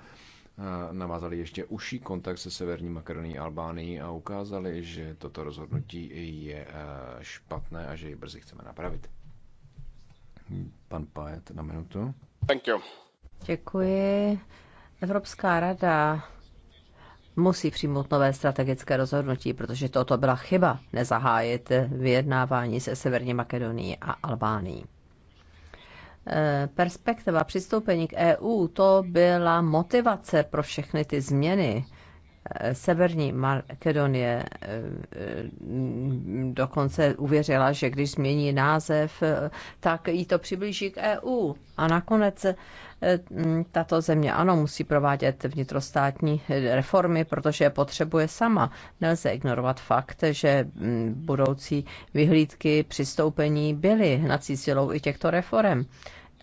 eh, navázali ještě užší kontakt se Severní Makedonií a Albánií a ukázali, že toto rozhodnutí je eh, špatné a že ji brzy chceme napravit. Pan Pajet na minutu. Thank you. Děkuji. Evropská rada musí přijmout nové strategické rozhodnutí, protože toto byla chyba nezahájit vyjednávání se Severní Makedonií a Albánií. Eh, perspektiva přistoupení k EU to byla motivace pro všechny ty změny, Eh, Severní Makedonie eh, eh, dokonce uvěřila, že když změní název, tak jí to přiblíží k EU. A nakonec mm, tato země ano musí provádět vnitrostátní reformy, protože je potřebuje sama. Nelze ignorovat fakt, že mm, budoucí vyhlídky přistoupení byly nací silou i těchto reform.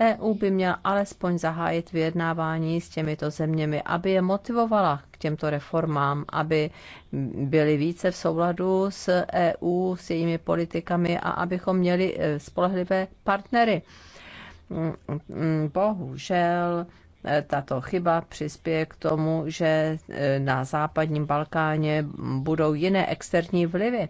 EU by měla alespoň zahájit vyjednávání s těmito zeměmi, aby je motivovala k těmto reformám, aby byly více v souladu s EU, s jejími politikami a abychom měli e, spolehlivé partnery. Bohužel e, tato chyba přispěje k tomu, že e, na západním Balkáně budou jiné externí vlivy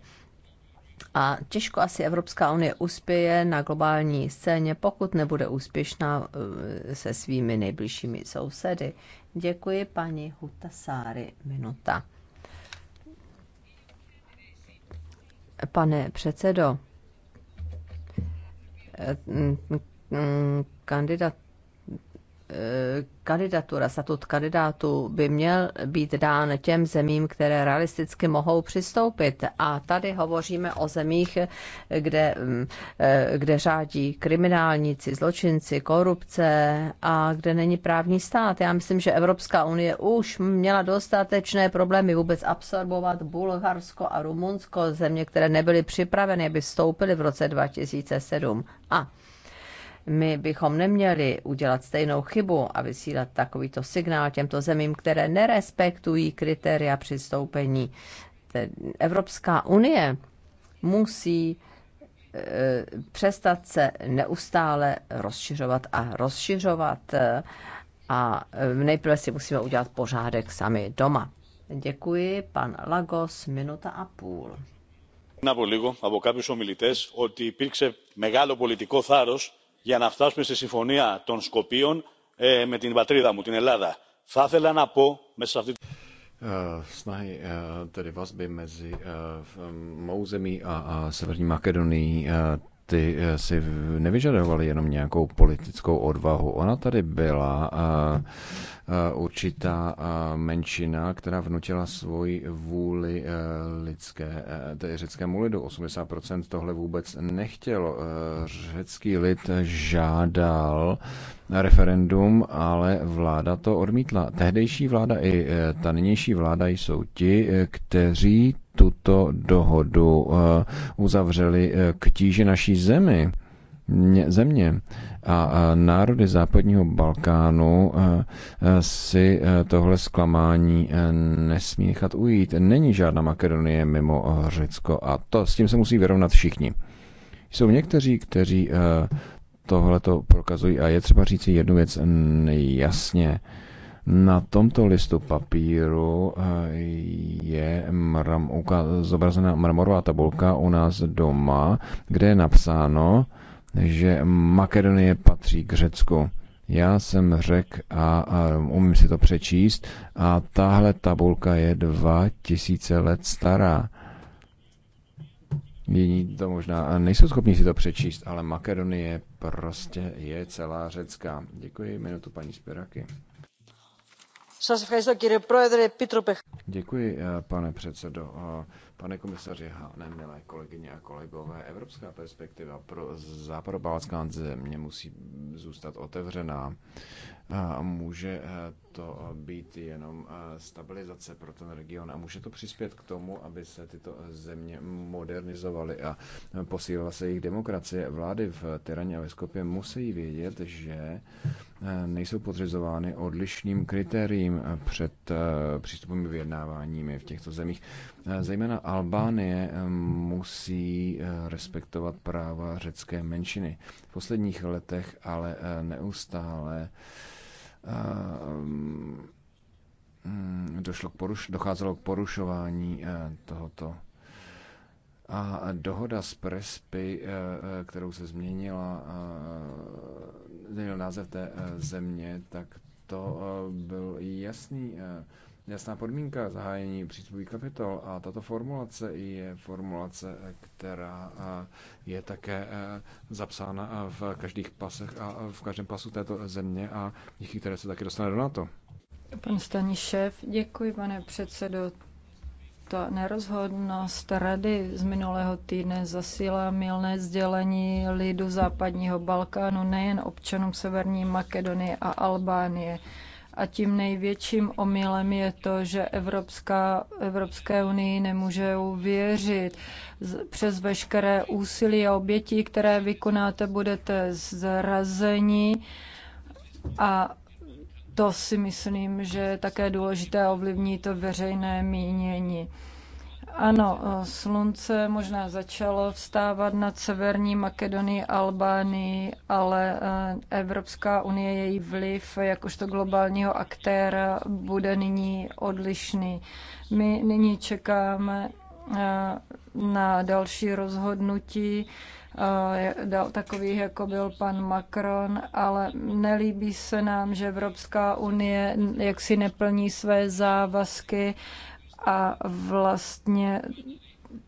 a těžko asi Evropská unie uspěje na globální scéně, pokud nebude úspěšná uh, se svými nejbližšími sousedy. Děkuji paní Hutasáry. Minuta. Pane předsedo, eh, mm, mm, kandidat kandidatura, statut kandidátu by měl být dán těm zemím, které realisticky mohou přistoupit. A tady hovoříme o zemích, kde, mm, eh, kde řádí kriminálníci, zločinci, korupce a kde není právní stát. Já myslím, že Evropská unie už měla dostatečné problémy vůbec absorbovat Bulharsko a Rumunsko, země, které nebyly připraveny, aby vstoupily v roce 2007. A my bychom neměli udělat stejnou chybu a vysílat takovýto signál těmto zemím, které nerespektují kritéria přistoupení. Evropská unie musí e, přestat se neustále rozšiřovat a rozšiřovat e, a e, nejprve si musíme udělat pořádek sami doma. Děkuji, pan Lagos, minuta a půl. Na από λίγο, Abo kápiš ομιλητέ, ότι υπήρξε μεγάλο πολιτικό θάρρο για να φτάσουμε στη συμφωνία των Σκοπίων με την πατρίδα μου, την Ελλάδα. Θα ήθελα να πω μέσα σε αυτή snahy, tedy vazby mezi mou zemí a, a Severní Makedonii ty eh, si nevyžadovaly jenom nějakou politickou odvahu. Ona tady byla eh, eh, určitá menšina, která vnutila svoji vůli lidské, tedy řeckému lidu. 80% tohle vůbec nechtělo. Řecký lid žádal referendum, ale vláda to odmítla. Tehdejší vláda i ta nynější vláda jsou ti, kteří tuto dohodu eh, uzavřeli eh, k tíži naší zemi země a národy západního Balkánu eh, si tohle zklamání nesmí nechat ujít. Není žádná Makedonie mimo Řecko a to s tím se musí vyrovnat všichni. Jsou někteří, kteří tohle to prokazují a je třeba říct jednu věc jasně. Na tomto listu papíru eh, je mram, zobrazena mramorová tabulka u nás doma, kde je napsáno, že Makedonie patří k Řecku. Já jsem Řek a, a umím si to přečíst a tahle tabulka je dva tisíce let stará. Jiní to možná nejsou schopni si to přečíst, ale Makedonie prostě je celá řecká. Děkuji, minutu paní Spiraky. Děkuji, eh, pane předsedo. Eh, pane komisaři Hane, milé kolegyně a kolegové, evropská perspektiva pro západobalcká země musí zůstat otevřená. Eh, může to být jenom stabilizace pro ten region a může to přispět k tomu, aby se tyto země modernizovaly a posílila se jejich demokracie. Vlády v Tyraně a ve Skopě musí vědět, že Eh, nejsou podřizovány odlišným kritériím eh, před eh, přístupovými vyjednáváními v těchto zemích. Zejména Albánie musí respektovat práva řecké menšiny. V posledních letech ale neustále mm, došlo k poruš- docházelo k porušování tohoto a dohoda s Prespy, eh, eh, kterou se změnila, eh, změnil název té země, tak to byl jasný, jasná podmínka zahájení přístupových kapitol. A tato formulace je formulace, která je také zapsána v každých pasech a v každém pasu této země a díky které se také dostane do NATO. Pan Staníšev, děkuji, pane předsedo ta nerozhodnost rady z minulého týdne zasílá milné sdělení lidu západního Balkánu nejen občanům Severní Makedonie a Albánie. A tím největším omylem je to, že Evropská, Evropské unii nemůže uvěřit. Přes veškeré úsilí a obětí, které vykonáte, budete zrazeni a to si myslím, že je také důležité ovlivní to veřejné mínění. Ano, slunce možná začalo vstávat nad Severní Makedonii, Albánii, ale eh, Evropská unie, její vliv jakožto globálního aktéra bude nyní odlišný. My nyní čekáme eh, na další rozhodnutí Eh, dal takových, jako byl pan Macron, ale nelíbí se nám, že Evropská unie jaksi neplní své závazky a vlastně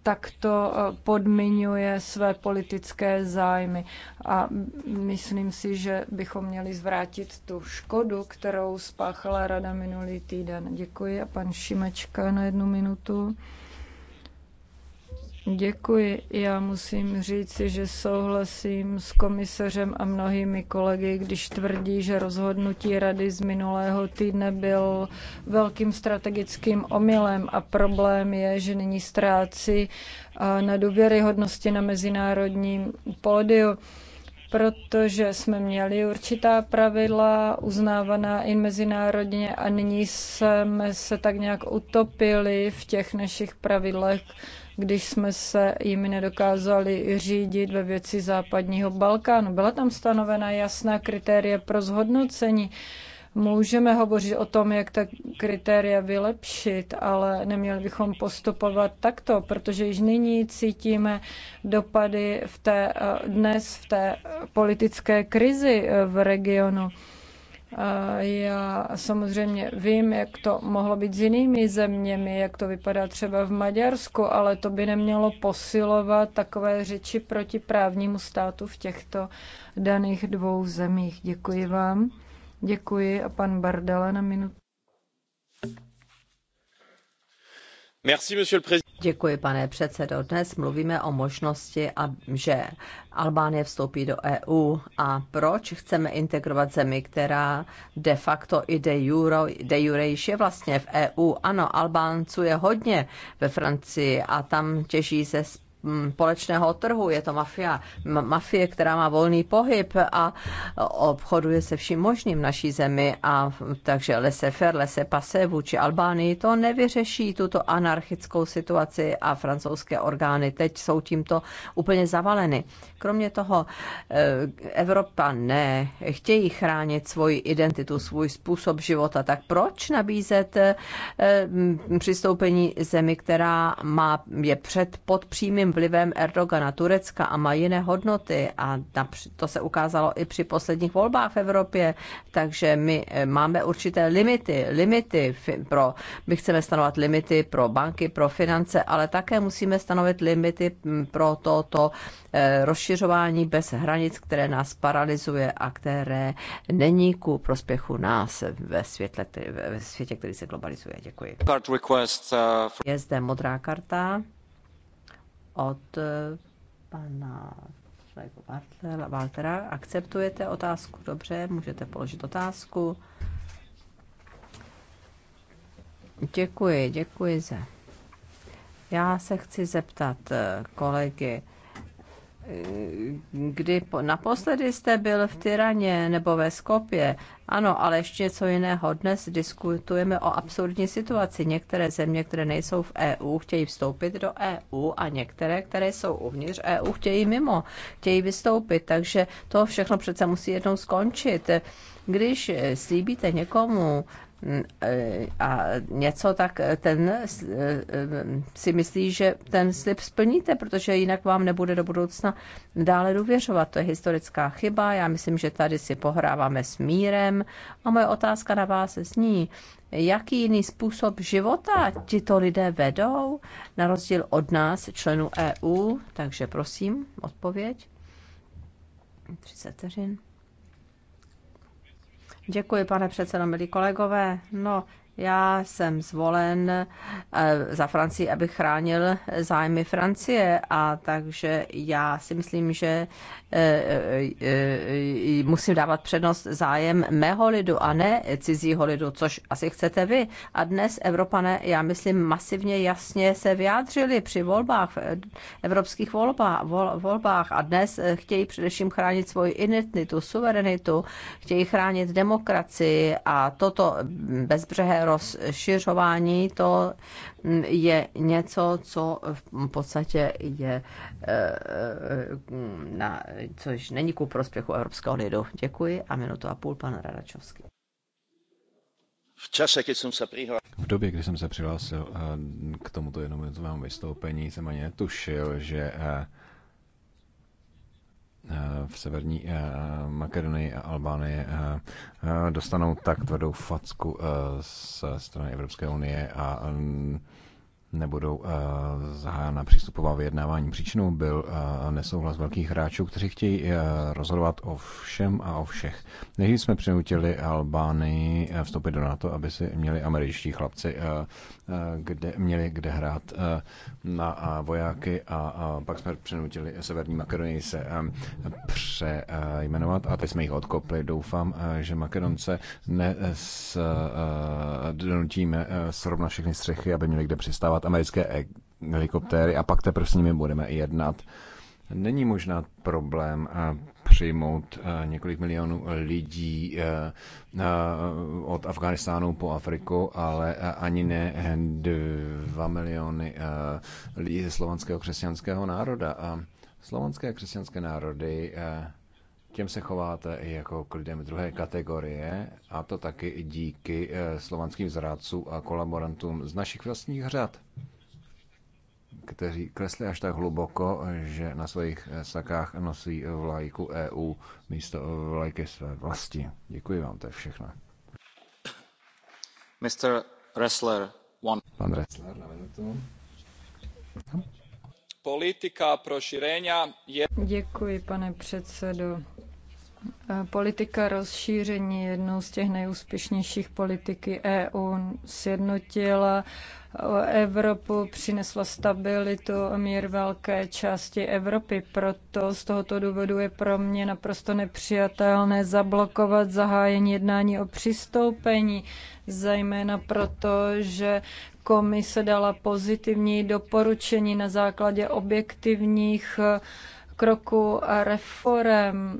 takto eh, podmiňuje své politické zájmy. A myslím si, že bychom měli zvrátit tu škodu, kterou spáchala Rada minulý týden. Děkuji a pan Šimečka na jednu minutu. Děkuji. Já musím říci, že souhlasím s komisařem a mnohými kolegy, když tvrdí, že rozhodnutí rady z minulého týdne byl velkým strategickým omylem a problém je, že nyní ztrácí eh, na důvěryhodnosti na mezinárodním pódiu protože jsme měli určitá pravidla uznávaná i mezinárodně a nyní jsme se tak nějak utopili v těch našich pravidlech, když jsme se jimi nedokázali řídit ve věci západního Balkánu. Byla tam stanovena jasná kritéria pro zhodnocení. Můžeme hovořit o tom, jak ta kritéria vylepšit, ale neměli bychom postupovat takto, protože již nyní cítíme dopady v té, dnes v té politické krizi v regionu. Já samozřejmě vím, jak to mohlo být s jinými zeměmi, jak to vypadá třeba v Maďarsku, ale to by nemělo posilovat takové řeči proti právnímu státu v těchto daných dvou zemích. Děkuji vám. Děkuji a pan Bardala na minutu. Děkuji, pane předsedo. Dnes mluvíme o možnosti, že Albánie vstoupí do EU a proč chceme integrovat zemi, která de facto i de, euro, de jure již je vlastně v EU. Ano, Albánců je hodně ve Francii a tam těží ze Mm, polečného trhu, je to mafia, mafie, která má volný pohyb a obchoduje se vším možným v naší zemi a takže lese faire lese passer vůči Albánii to nevyřeší tuto anarchickou situaci a francouzské orgány teď jsou tímto úplně zavaleny. Kromě toho eh, Evropa ne, chtějí chránit svoji identitu, svůj způsob života, tak proč nabízet eh, přistoupení zemi, která má, je před pod přímým silným vlivem Erdogana, Turecka a má jiné hodnoty a to se ukázalo i při posledních volbách v Evropě, takže my eh, máme určité limity, limity pro, my chceme stanovat limity pro banky, pro finance, ale také musíme stanovit limity mm, pro toto eh, rozšiřování bez hranic, které nás paralizuje a které není ku prospěchu nás ve, světle, ve světě, který se globalizuje. Děkuji. Uh, Je zde modrá karta od eh, pana Waltera. Akceptujete otázku? Dobře, můžete položit otázku. Děkuji, děkuji za. Já se chci zeptat eh, kolegy, kdy naposledy jste byl v Tyraně nebo ve Skopě. Ano, ale ještě něco jiného. Dnes diskutujeme o absurdní situaci. Některé země, které nejsou v EU, chtějí vstoupit do EU a některé, které jsou uvnitř EU, chtějí mimo, chtějí vystoupit. Takže to všechno přece musí jednou skončit. Když slíbíte někomu, E, a něco, tak ten e, e, si myslí, že ten slib splníte, protože jinak vám nebude do budoucna dále důvěřovat. To je historická chyba, já myslím, že tady si pohráváme s mírem a moje otázka na vás zní, jaký jiný způsob života tito lidé vedou, na rozdíl od nás, členů EU, takže prosím, odpověď. 30 vteřin. Děkuji, pane předsedo, milí kolegové. No, já jsem zvolen eh, za Francii, abych chránil zájmy Francie a takže já si myslím, že eh, eh, musím dávat přednost zájem mého lidu a ne cizího lidu, což asi chcete vy. A dnes Evropané, já myslím, masivně jasně se vyjádřili při volbách, evropských volbách, volbách a dnes chtějí především chránit svoji identitu, suverenitu, chtějí chránit demokracii a toto bezbřehé rozšiřování, to je něco, co v podstatě je, eh, na, což není ku prospěchu evropského lidu. Děkuji a minutu a půl, pan Radačovský. V čase, kdy jsem se přihlásil. V době, kdy jsem se přihlásil eh, k tomuto jednominutové vystoupení, jsem ani netušil, že eh, v severní eh, Makedonii a Albánii eh, eh, dostanou tak tvrdou facku z strany Evropské unie a mm, nebudou eh, zahájena přístupová vyjednávání. Příčinou byl eh, nesouhlas velkých hráčů, kteří chtějí eh, rozhodovat o všem a o všech. Než jsme přinutili Albánii vstoupit do NATO, aby si měli američtí chlapci, kde, měli kde hrát na vojáky a pak jsme přinutili Severní Makedonii se přejmenovat a teď jsme jich odkopli. Doufám, že Makedonce ne s, donutíme srovnat všechny střechy, aby měli kde přistávat kontrolovat americké e- helikoptéry a pak teprve s nimi budeme jednat. Není možná problém eh, přijmout eh, několik milionů lidí eh, od Afganistánu po Afriku, ale ani ne dva miliony lidí ze slovanského křesťanského národa. Slovanské křesťanské národy těm se chováte i jako k lidem druhé kategorie a to taky i díky eh, slovanským zrádcům a kolaborantům z našich vlastních řad, kteří klesli až tak hluboko, že na svých eh, sakách nosí vlajku EU místo vlajky své vlasti. Děkuji vám, to je všechno. Mr. Ressler, one. Pan Ressler, na minutu. Politika šíření je... Děkuji, pane předsedo Eh, politika rozšíření jednou z těch nejúspěšnějších politiky EU. Sjednotila eh, Evropu, přinesla stabilitu a mír velké části Evropy. Proto z tohoto důvodu je pro mě naprosto nepřijatelné zablokovat zahájení jednání o přistoupení, zejména proto, že komise dala pozitivní doporučení na základě objektivních eh, kroku a reform.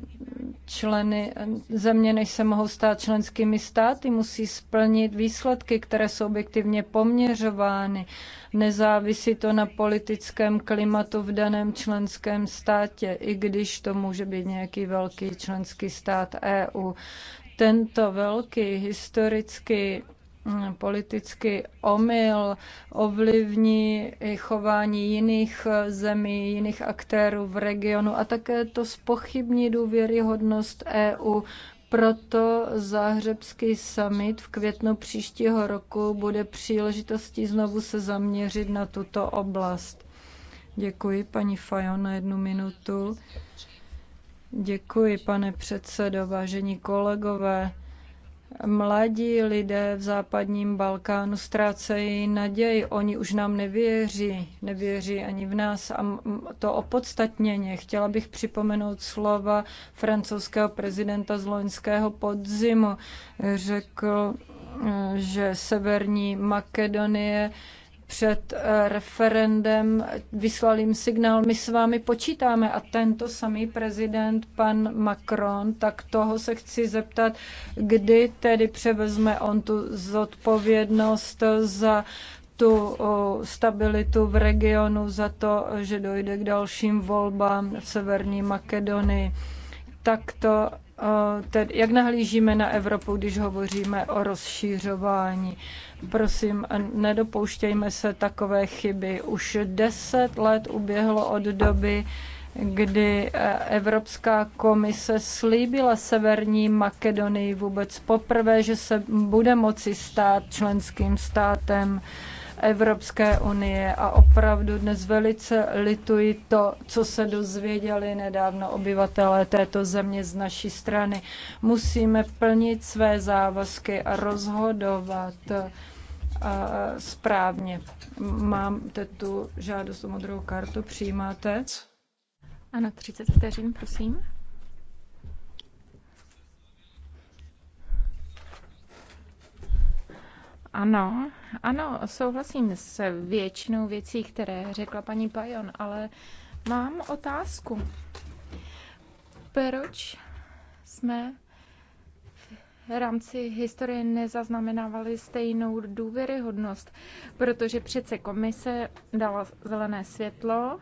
Členy země, než se mohou stát členskými státy, musí splnit výsledky, které jsou objektivně poměřovány. Nezávisí to na politickém klimatu v daném členském státě, i když to může být nějaký velký členský stát EU. Tento velký historický politický omyl, ovlivní i chování jiných zemí, jiných aktérů v regionu a také to spochybní důvěryhodnost EU. Proto záhřebský summit v květnu příštího roku bude příležitostí znovu se zaměřit na tuto oblast. Děkuji, paní Fajon, na jednu minutu. Děkuji, pane předsedo, vážení kolegové. Mladí lidé v západním Balkánu ztrácejí naději, oni už nám nevěří, nevěří ani v nás a to opodstatněně. Chtěla bych připomenout slova francouzského prezidenta z loňského podzimu. Řekl, že severní Makedonie před eh, referendem vyslal jim signál, my s vámi počítáme a tento samý prezident, pan Macron, tak toho se chci zeptat, kdy tedy převezme on tu zodpovědnost za tu stabilitu v regionu, za to, že dojde k dalším volbám v Severní Makedonii. Takto Eh, tedy jak nahlížíme na Evropu, když hovoříme o rozšířování. Prosím, nedopouštějme se takové chyby. Už deset let uběhlo od doby, kdy eh, Evropská komise slíbila Severní Makedonii vůbec poprvé, že se bude moci stát členským státem. Evropské unie a opravdu dnes velice lituji to, co se dozvěděli nedávno obyvatelé této země z naší strany. Musíme plnit své závazky a rozhodovat eh, správně. Mám tu žádost o modrou kartu, přijímáte? Ano, 30 vteřin, prosím. Ano, ano, souhlasím s většinou věcí, které řekla paní Pajon, ale mám otázku. Proč jsme v rámci historie nezaznamenávali stejnou důvěryhodnost, protože přece komise dala zelené světlo